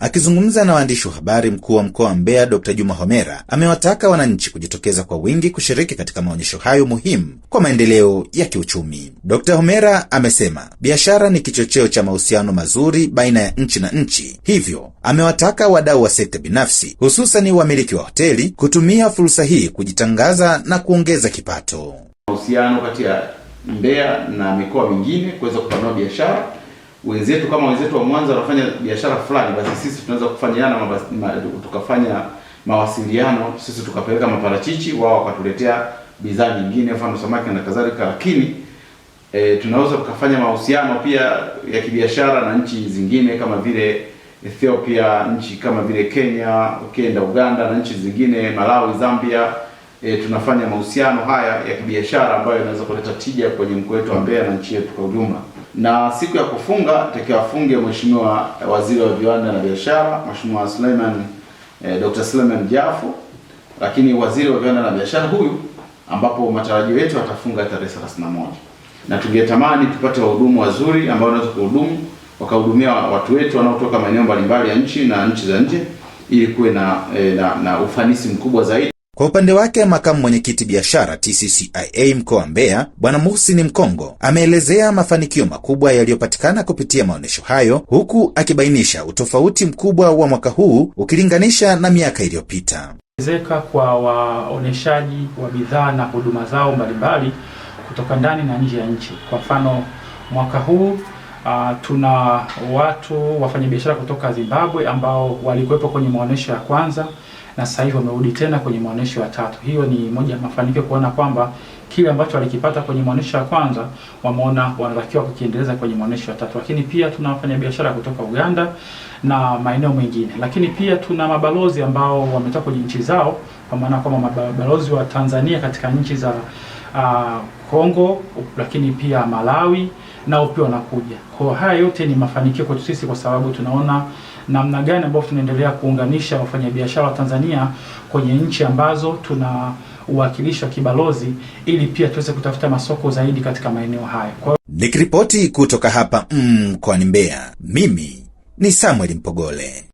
Akizungumza na waandishi wa habari, mkuu wa mkoa wa Mbeya d Juma Homera amewataka wananchi kujitokeza kwa wingi kushiriki katika maonyesho hayo muhimu kwa maendeleo ya kiuchumi. d Homera amesema biashara ni kichocheo cha mahusiano mazuri baina ya nchi na nchi, hivyo amewataka wadau wa sekta binafsi, hususani wamiliki wa hoteli kutumia fursa hii kujitangaza na kuongeza kipato. Mahusiano kati ya Mbeya na mikoa mingine kuweza kupanua biashara wenzetu kama wenzetu wa Mwanza wanafanya biashara fulani, basi sisi tunaweza kufanyana ma, tukafanya mawasiliano, sisi tukapeleka maparachichi, wao wakatuletea bidhaa nyingine, mfano samaki na kadhalika. Lakini e, tunaweza tukafanya mahusiano pia ya kibiashara na nchi zingine kama vile Ethiopia, nchi kama vile Kenya, ukienda Uganda na nchi zingine, Malawi, Zambia. E, tunafanya mahusiano haya ya kibiashara ambayo yanaweza kuleta tija kwenye mkoa wetu wa Mbeya na nchi yetu kwa ujumla na siku ya kufunga takiwa afunge Mheshimiwa Waziri wa Viwanda na Biashara, Mheshimiwa Suleiman eh, Dr. Suleiman Jafu, lakini Waziri wa Viwanda na Biashara huyu, ambapo matarajio yetu atafunga tarehe 31, na tungetamani tupate wahudumu wazuri ambao wanaweza kuhudumu wakahudumia watu wetu wanaotoka maeneo mbalimbali ya nchi na nchi za nje ili kuwe na, eh, na, na ufanisi mkubwa zaidi. Kwa upande wake makamu mwenyekiti biashara TCCIA mkoa wa Mbeya Bwana Muhsin Mkongo ameelezea mafanikio makubwa yaliyopatikana kupitia maonyesho hayo, huku akibainisha utofauti mkubwa wa mwaka huu ukilinganisha na miaka iliyopita. Ongezeka kwa waoneshaji wa bidhaa na huduma zao mbalimbali kutoka ndani na nje ya nchi. Kwa mfano mwaka huu Uh, tuna watu wafanyabiashara kutoka Zimbabwe ambao walikuwepo kwenye maonesho ya kwanza na sasa hivi wamerudi tena kwenye maonesho ya tatu. Hiyo ni moja ya mafanikio kuona kwamba kile ambacho walikipata kwenye maonyesho ya kwanza wameona wanatakiwa kukiendeleza kwenye maonyesho ya tatu. Lakini pia tuna wafanyabiashara kutoka Uganda na maeneo mengine, lakini pia tuna mabalozi ambao wametoka kwenye nchi zao, kwa maana kwamba mabalozi wa Tanzania katika nchi za uh, Kongo lakini pia Malawi nao pia wanakuja. Kwa haya yote ni mafanikio kwetu sisi, kwa sababu tunaona namna gani ambavyo tunaendelea kuunganisha wafanyabiashara wa Tanzania kwenye nchi ambazo tuna uwakilishi wa kibalozi ili pia tuweze kutafuta masoko zaidi katika maeneo hayo Kwa... Nikiripoti kutoka hapa mm, mkoani mm, Mbeya, mimi ni Samuel Mpogole.